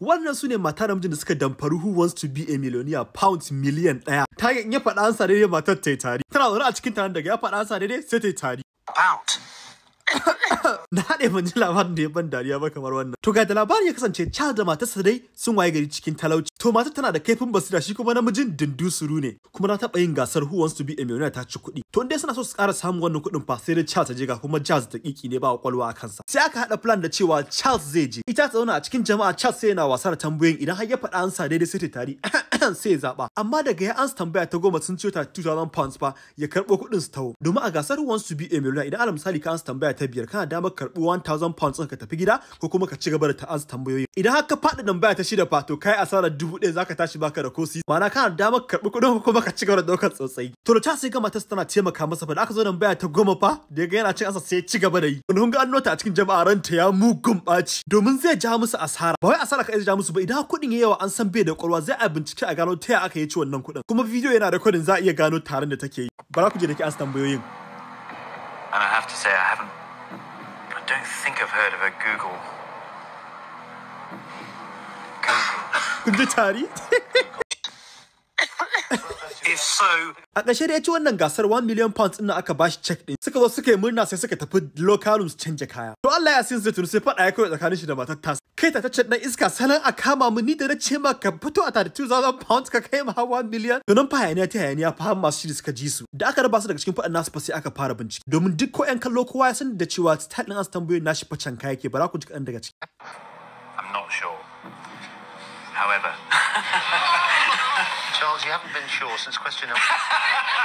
Wannan su ne mata da mijin da suka damfari Who Wants to Be a Millionaire pound miliyan ɗaya. Ta yi ya faɗa ansa daidai matar ta yi tari. Tana zaune a cikin taron daga ya faɗa ansa daidai sai ta yi tari. Na haɗe mun ji labarin da ya ban dariya ba kamar wannan. To ga da labarin ya kasance Charles da matarsa dai sun waye gari cikin talauci. To matar tana da kaifin basira shi kuma namijin dindusuru ne. Kuma na taɓa yin gasar Who Wants to Be a Millionaire ta ci kuɗi. To dai suna so su ƙara samun wannan kuɗin fa sai dai Charles ta je ga kuma Jazz da kiki ne ba kwalwa a kansa. Sai aka haɗa plan da cewa Charles zai je. Ita ta zauna a cikin jama'a Charles sai yana wasa da tambayoyin idan har ya faɗa ansa daidai sai ta tari. hakan sai ya zaba amma daga ya an tambaya ta goma sun ce ta 2000 pounds ba ya karɓo kuɗin su tawo domin a gasar ruwan su biyu emilina idan alal misali ka an tambaya ta biyar kana damar karɓo 1000 pounds ka tafi gida ko kuma ka ci gaba da ta an tambayoyi idan har ka faɗi tambaya ta shida fa to kai asarar dubu ɗaya zaka tashi baka da kosi ma'ana kana damar karɓi kudin ko kuma ka ci gaba da ɗaukar tsotsai to da ta sai ga matarsa tana taimaka masa fa da aka zo tambaya ta goma fa da ya ga yana cin asa sai ya ci gaba da yi wani ga an nota a cikin jama'a ranta ya mugun ɓaci domin zai ja musu asara ba wai asara ka ja musu ba idan kuɗin yawa an san bai da ƙwarwa zai a bincike a gano ta yaya aka yi ci wannan kuɗin kuma bidiyo yana rekodin za a iya gano taron da take yi bara ku je da ke ansa tambayoyin and I have to say I haven't I don't think I've heard of a Google Google tari a ƙarshe da ya ci wannan gasar 1 million pounds ɗin aka bashi check ɗin. Suka zo suka yi murna sai suka tafi local rooms canja kaya. To Allah ya sin zai tunu sai faɗa ya kawai tsakanin shi da matar tasa. kai ta tace dan iska salon a kama mu ni da na ce ma ka fito a 32000 pounds ka kai ma 1 million don nan fa hayaniya ta hayaniya fa masu shi suka ji su da aka raba su daga cikin fadan nasu fa sai aka fara bincike domin duk ko yan kallo kowa ya san da cewa style din an tambayoyin nashi fa can kai yake bara ku ji kan daga ciki I'm not sure however Charles you haven't been sure since question number,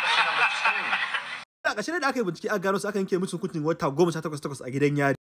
2 number two a ƙarshe da aka yi bincike a gano su aka yanke musu hukuncin wata goma sha takwas takwas a gidan yari